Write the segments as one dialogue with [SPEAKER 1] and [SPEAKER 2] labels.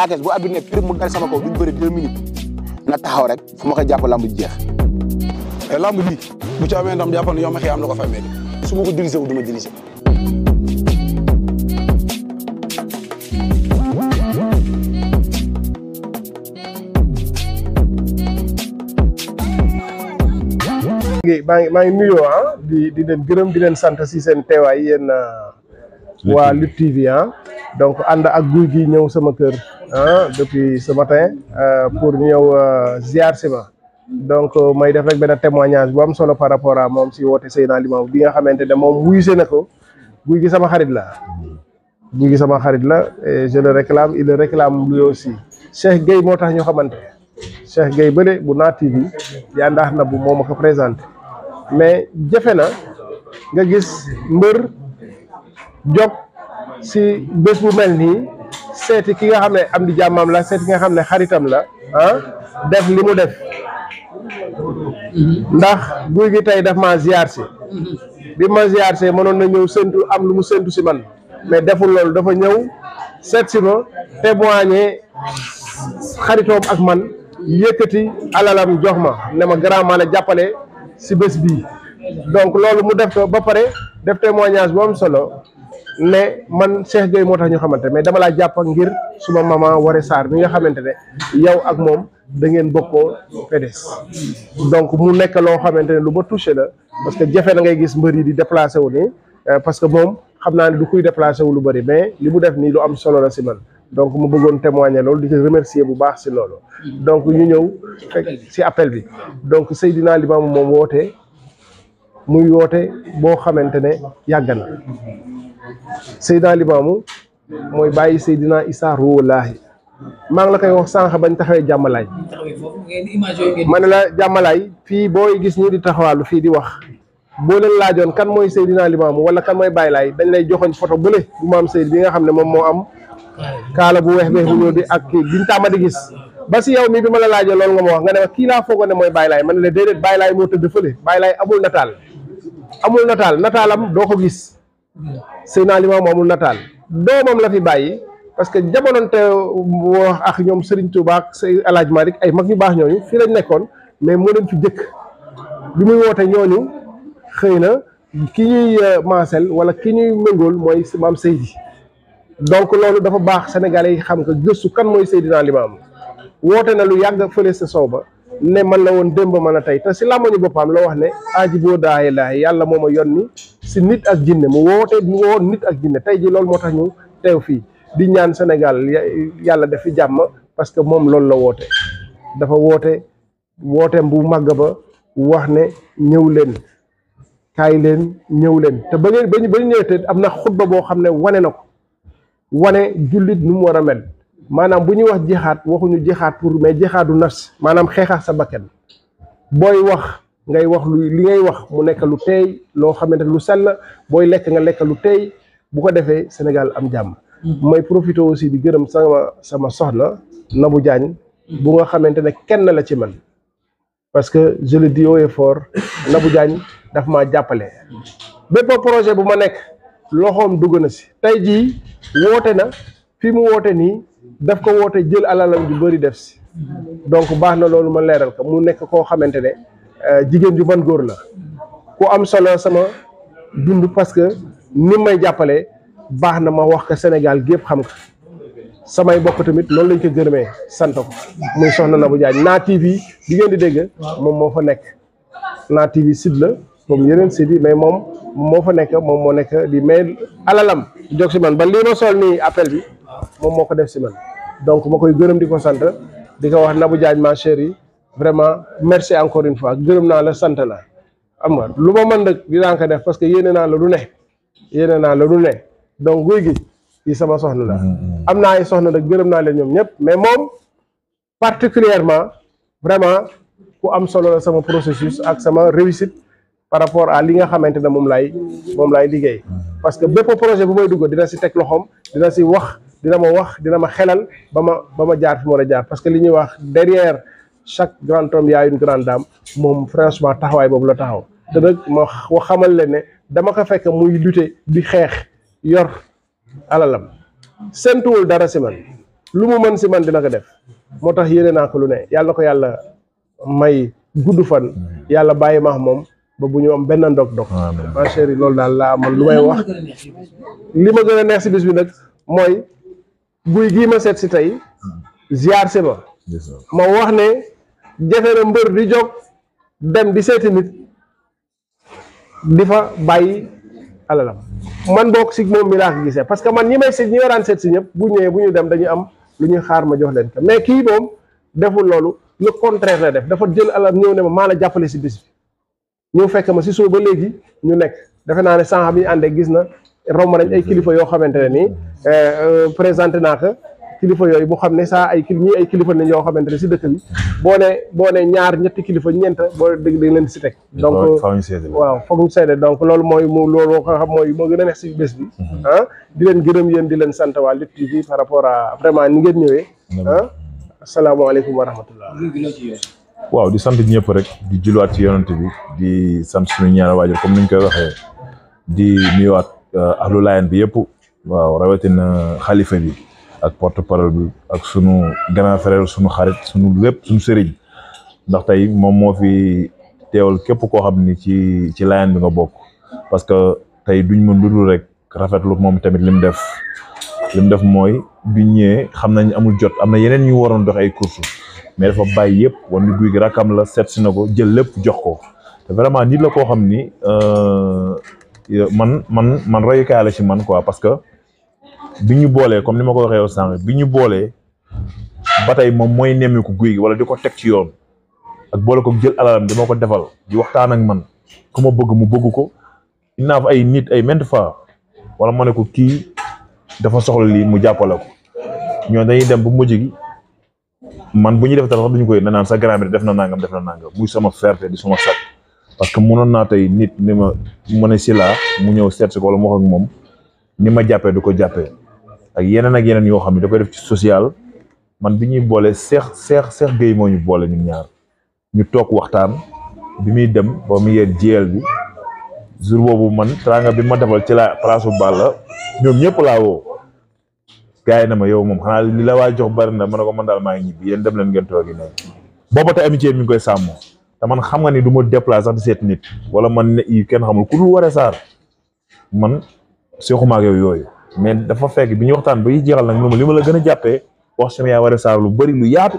[SPEAKER 1] Sa Thiès bu abit ne prix mu dal sama kaw duñ bëri deux minutes na taxaw rek fu ma ko jàpp lamb ji jeex. te eh, lamb ji bu ci amee ndam jàpp na yow ma xëy am ko fa amee su ma ko dirigé wu du ma dirigé. maa ngi maa ngi nuyoo ah di di leen gërëm di leen sant si seen teewaay yéen ah, waa Lutte TV ah. donc ànd ak guy gi ñëw sama kër ah depuis ce matin euh, pour ñëw euh, ziar si ma donc euh, may def rek benn témoignage bu am solo par rapport à moom si woote Seydina Limamou bi nga xamante ne moom wuyuse na ko guy gi sama xarit la guy gi sama xarit la et je le réclame il le aussi Cheikh Gueye moo tax ñu xamante Cheikh Gueye bële bu Naa TV yaa ndax na bu moom ma ko présenté mais jëfe na nga gis mbër jóg si bés bu mel nii seeti ki nga xam ne am di jàmmam la seeti ki nga xam ne xaritam la ah, def li mu def mm-hmm. ndax guy gi tey daf ma ziar si mm-hmm. bi ma ziar see mënoon na ñëw am lu mu séntu si man mais deful loolu dafa ñëw seet si ma témoigner xaritoom ak man yëkkati alalam jox ma ne ma grand ma la jàppale si bés bii donc loolu mu def ko ba pare def te témoignage bu am solo mais man Cheikh Gueye moo tax ñu xamante mais dama laa jàpp ngir suma maman Waré saar bi nga xamante ne yow ak moom da ngeen bokkoo PDS donc mu nekk loo xamante ne lu ma touché la parce que jafe na ngay gis mbër yi di déplacé wu ni euh, parce que moom xam naa ne du kuy déplacé wu lu bëri mais li mu def nii lu am solo la si man donc mu bëggoon témoigner loolu di ko remercier bu baax si loolu donc ñu ñëw fekk si appel bi donc naa Limamou moom wootee muy woote boo xamante ne yàgg na Seydina Limaamu mooy bàyyi Seydina Issa Ruwallaahi maa ngi la koy wax sànq bañ taxawee jàmmalaay ma ne la jàmmalaay fii booy gis ñi di taxawaalu fii di wax boo leen laajoon kan mooy Seydina Limaamu wala kan mooy Baay Laay dañ lay joxoñ photo bële bu maam Seydi bi nga xam ne moom moo am kaala bu weex beex bu ñëw bi ak biñ tàmm di gis ba si yow mii bi ma la laajee loolu nga ma wax nga ne kii laa foogoon mooy Baay nataal amul nataal nataalam doo ko gis naa Limaamu amul nataal doomam la fi bàyyi parce que jamononte wax ak ñoom sëriñ Touba ak El Hadj Malick ay mag ñu baax ñooñu fii lañ nekkoon mais moo leen fi jëkk bi muy woote ñooñu xëy na ki ñuy euh, maasel wala mooy maam donc loolu dafa baax sénégalais yi xam nga gëstu kan mooy Seydina Limaamu woote na lu yàgg fële sa soow ba ne man la woon démb ma a tey te si làmmañu boppam la wax ne aaji boo daaye laaye yàlla moo ma yónni si nit ak ginne mu woote mu woo nit ak ginne tey ji loolu moo tax ñu teew fii di ñaan senegal yàlla def fi jàmm parce que moom loolu la woote dafa woote wooteem bu màgg ba wax ne ñëw leen kaay leen ñëw leen te ba ngeen ba ñu ñëwee te am na xutba boo xam ne wane na ko wane jullit nu mu war a mel maanaam bu ñuy wax jixaat waxuñu jixaat pour mais jixaadu nas maanaam xeexax sa bakkan booy wax ngay wax lu li ngay wax mu nekk lu teey loo xamante lu sell booy lekk nga lekk lu teey bu ko defee Sénégal am jàmm may profité aussi di gërëm sama sama soxna Nabou Diagne bu nga xamante ne kenn la ci man parce que je le dis haut et fort dafa Diagne daf maa jàppale bépp projet bu ma nekk loxoom dugg na si tey jii woote na fi mu woote nii daf ko woote jël alalam ju bëri def si donc baax na loolu ma leeral ko mu nekk koo xamante ne euh, jigéen ju man góor la ku am solo sama dund parce que ni may jàppale baax na ma wax ko Sénégal gépp xam ko samay bokk tamit loolu lañ ko gërëmee sant ko muy soxna Nabou Diagne Naa TV di ngeen di dégg moom moo fa nekk Naa TV site la comme yeneen site yi mais moom moo fa nekk moom moo nekk di may alalam jox si man ba lii ma sol nii appel bi moom moo ko def si man donc ma koy gërëm di ko sant di ko wax na Nabou Diagne ma chérie vraiment merci encore une fois gërëm naa la sant la am nga lu ma mën nag dinaa ko def parce que yéene naa la lu ne yéene naa la du ne donc guy gi yi sama soxna la am naa ay soxna nag gërëm naa leen ñoom ñëpp mais moom particulièrement vraiment ku am solo la sama processus ak sama réussite par rapport à li nga xamante ne moom laay moom laay liggéey parce que bépp projet bu may dugg dina si teg loxoom dina si wax dina ma wax dina ma xelal ba ma ba ma jaar fi ma war a jaar parce que li ñuy wax derrière chaque grand homme y a une grande moom franchement taxawaay boobu la taxaw te nag ma xamal leen ne dama ko fekk muy lutter di xeex yor alalam sentuwul dara si man lu mu mën si man dina ko def moo tax yéene naa ko lu ne yàlla ko yàlla may gudd fan yàlla bàyyi maax moom ba bu ñu am benn ndog-ndog. waaw ah, chéri loolu daal laa amal lu may wax. li ma gën a neex si bis bi nag mooy guy gii ma seet si tey ziar si ma. ma wax ne jafe na mbër di jóg dem di seeti nit di fa bàyyi alalam man bokk si moom mi laa ko gisee parce que man ñi may seet ñi waraan seet si ñëpp bu ñëwee bu ñu dem dañu am lu ñuy xaar ma jox leen ko mais kii moom deful loolu le contraire la def dafa jël alal ñëw ne ma maa la jàppale si bis bi. ñu fekk ma si suba ba léegi ñu nekk defe naa ne sànq bi ñu àndee gis na romb nañ ay kilifa yoo xamante ne nii euh, présenté naa ko kilifa yooyu bu xam ne saa ay kil ñii ay kilifa nañ yoo xamante ne si dëkk bi boo ñaar ñetti kilifa ñeent boo dégg dañ leen si teg donc waaw foog ñu seede donc loolu mooy mu loolu nga xam mooy moo gën a neex si bés bi mm-hmm. ah, di leen gërëm yéen di leen sant waa Lutte TV par rapport à vraiment ni ngeen ñëwee mm-hmm. ah asalaamaaleykum wa rahmatullah
[SPEAKER 2] waaw di sant ñëpp rek di julwaat ci yonent bi di sant suñu ñaari waajur comme ni koy waxee di nuyuwaat uh, ahlu Laayeen bi yëpp waaw rawetina xalifa bi ak porte parole bi ak sunu grand frère sunu xarit sunu lépp sunu sëriñ ndax tey moom moo fi teewal képp koo xam ni ci ci Laayeen bi nga bokk parce que tey duñ mën ludul rek rafetlu moom tamit li mu def li def mooy biñ ñëwee xam nañ amul jot am na yeneen ñu waroon dox ay courses. mais dafa bàyyi yëpp wan ni guy gi rakkam la seet si na ko jël lépp jox ko te vraiment nit la koo xam ni euh, man man man royukaay la ci man quoi parce que bi ñu boolee comme ni ma ko waxee yow bi ñu boolee ba tey moom mooy nemmiku guy gi wala di ko teg ci yoon ak boole ko jël di dama ko defal di waxtaan ak man ku ma bëgg mu bëgg ko dinaa fa ay nit ay maintes fois wala ma ne ko kii dafa soxla lii mu jàppale ko ñoo dañuy dem bu mujj gi. man bu ñuy def dara sax koy nanaan sa grand-mère def na nangam def na nangam muy sama fierté di sama sat parce que mënoon naa tey nit ni ma mën a si laa mu ñëw seet si ko wala mu wax ak moom ni ma jàppee du ko jàppee ak yeneen ak yeneen yoo xam ne da koy def ci social man bi ñuy boolee seex seex seex Gueye moo ñu boole ñu ñaar ñu toog waxtaan bi muy dem ba mu yegg jeel bi jour boobu man tranga bi ma defal ci laa place baal la ñoom ñëpp laa woo gars yi na ma yow moom xanaa li la waa jox bari na ma ne ko man daal maa ngi ñibbi yéen dem leen ngeen toogi ne booba te amitié mi ngi koy sàmm te man xam nga ni du ma déplacé sax di seet nit wala man ne i kenn xamul ku dul Woré Sarr man seexuma ak yooyu mais dafa fekk bi ñu waxtaan ba yi jeexal nag ma li ma la gën a jàppee wax sama yaay lu bëri lu yaatu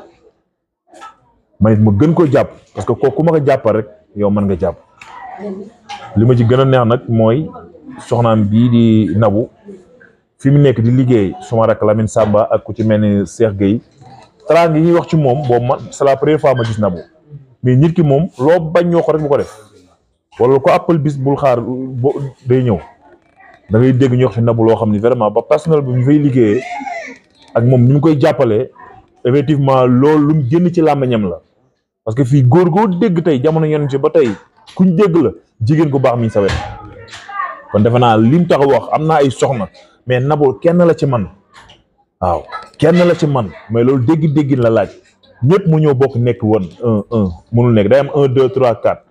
[SPEAKER 2] ma gën koo jàpp parce que kooku ko jàppal rek yow mën nga jàpp li ma ci gën a neex nag mooy soxnaam bii di nabu fi mu nekk di liggéey suma rakk Lamine Samba ak ku ci mel ni Cheikh Gueye taraang yi ñuy wax ci moom boobu man c'est la première fois ma gis Nabou mais nit ki moom loo bañ ñoo ko rek bu ko def wala ko appal bis bul xaar bo day ñëw da ngay dégg ñu wax ci Nabou loo xam ni vraiment ba personnel bi ñu fay liggéeyee ak moom ni mu koy jàppale effectivement lool lu mu génn ci làmmiñam la parce que fii góor goo dégg tey jamono yenn ci ba tey kuñ dégg la jigéen ku baax mi sa defe naa lim tax wax am naa ay soxna mais Nabou kenn la ci man waaw kenn la ci man mais loolu dégg-dégg la laaj ñëpp mu ñëw bokk nekk woon un un munul nekk day am un deux trois quatre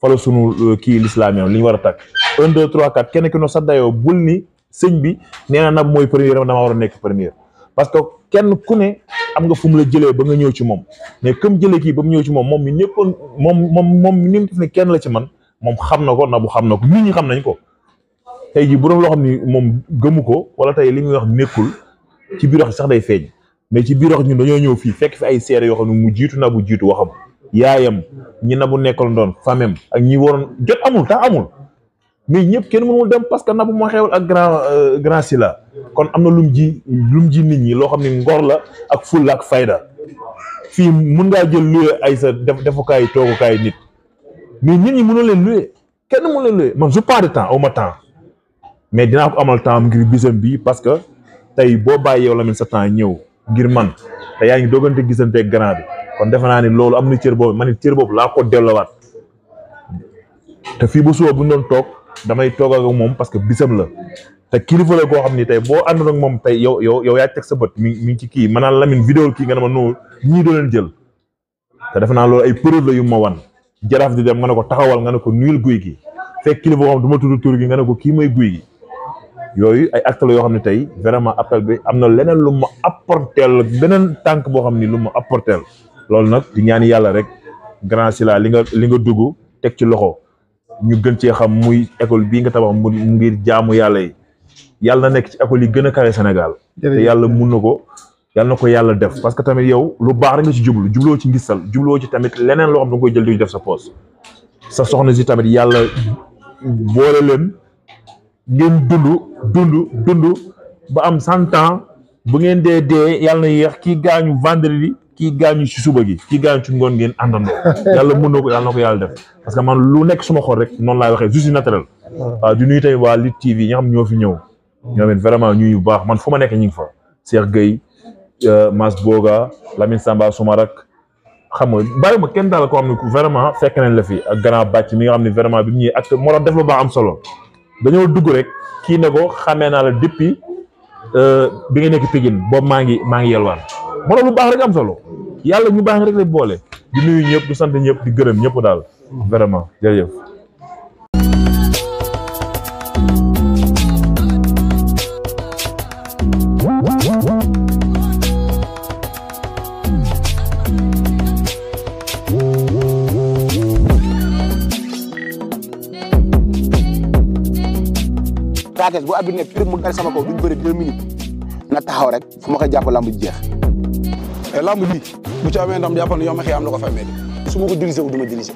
[SPEAKER 2] fala sunu euh, kii l'islam yoon li ñu war a takk un deux trois quatre kenn ki no sax dayoo bul ni sëñ bi nee na mooy mooy premier dama war a nekk premier parce que kenn ku ne am nga fu mu la jëlee ba nga ñëw ci moom mais comme jëlee kii ba mu ñëw ci moom moom mi ñëppoon moom moom moom mi def ne kenn la ci man moom xam na ko Nabou xam na ko nit ñi xam nañ ko tey jii bu doon loo xam ni moom gëmu ko wala tey li muy wax nekkul ci biir wax sax day feeñ mais ci biir wax ñun dañoo ñëw fii fekk fi ay seere yoo xam ne mu jiitu na bu jiitu waxam yaayam ñi na mu nekkoon doon famem ak ñi waroon jot amul tax amul mais ñëpp kenn mënul dem parce que nabu moo xewal ak grand euh, grand la kon am na lum ji lum ji nit ñi loo xam ne ngor la ak ful fayda fii mun ngaa jël ay sa def defukaayu toogukaay nit mais ñi mënul leen kenn mënul leen luwe man je pas de temps au ma temps mais dinaa ko amal temps ngir bisam bi parce que tey boo bàyyi yow Lamine sa temps ñëw ngir man te yaa ngi doogante gisante grand bi kon defe naa ni loolu am na cër boobu man it cër boobu laa ko te fii ba suba bu ñu toog damay toog ak moom parce que bisam la te kilifa la koo xam ni tey boo àndoon ak moom tey yow yow yow yaa teg sa bët mi mi ngi ci kii maanaam Lamine vidéo kii nga ne ma noonu ñii doo leen jël te defe naa loolu ay preuve la yu ma wan jaraaf di dem nga ne ko taxawal nga ne ko nuyul guy gi fekk kilifa koo xam du ma tudd ne ko kii mooy guy gi. yooyu ay acte la yoo xam ne tey vraiment appel bi am na leneen lu ma apporteel beneen tànk boo xam ni lu ma apporteel loolu nag di ñaan yàlla rek grand sila li nga li nga dugg teg ci loxo ñu gën cee xam muy école bii nga tabax mu ngir jaamu yàlla yi yàlla na nekk ci école yi gën a kawe Sénégal te yàlla mun na ko yàlla na ko yàlla def parce que tamit yow lu baax rek nga ci jublu jubloo ci sal jubloo ci tamit leneen loo xam da nga koy jël di def sa poos ngeen dund dund dund ba am cent ans bu ngeen dee dee yàlla na yéex kii gaañu vendredi kii gaañu ci suba gi kii gaañu ci ngoon ngeen àndandoo yàlla mën na ko yàlla na ko yàlla def parce que man lu nekk suma xol rek noonu laay waxee juste naturel waaw di nuyu tamit waa Lutte TV ñi nga xam ñoo fi ñëw ñoo men vraiment ñuy baax man fu ma nekk ñu ngi fa Cheikh Gueye euh, Mas Boga Lamine Samba suma rek xam nga bàyyi ma kenn daal koo xam ne fekk nañ la fi ak grand bàcc mi nga xam ne vraiment bi mu ak moo def lu baax am solo dañoo dugg rek kii ne ko xamee naa la depuis euh, bi nga nekk Pikine boobu maa ngi maa ngi yelwaan moo tax lu baax rek am solo yàlla ñu baax rek la boole di nuyu ñëpp du sant ñëpp di gërëm ñëpp daal vraiment jërëjëf.
[SPEAKER 1] Sathies bu abit ne prix mu dal sama kaw duñ bëri minutes na taxaw rek fu ma ko jàpp lamb ji jeex. te eh, lamb ji bu ci amee ndam jàpp ne yow ma am na ko fa amee su ma ko dirigé wu du ma dirigé.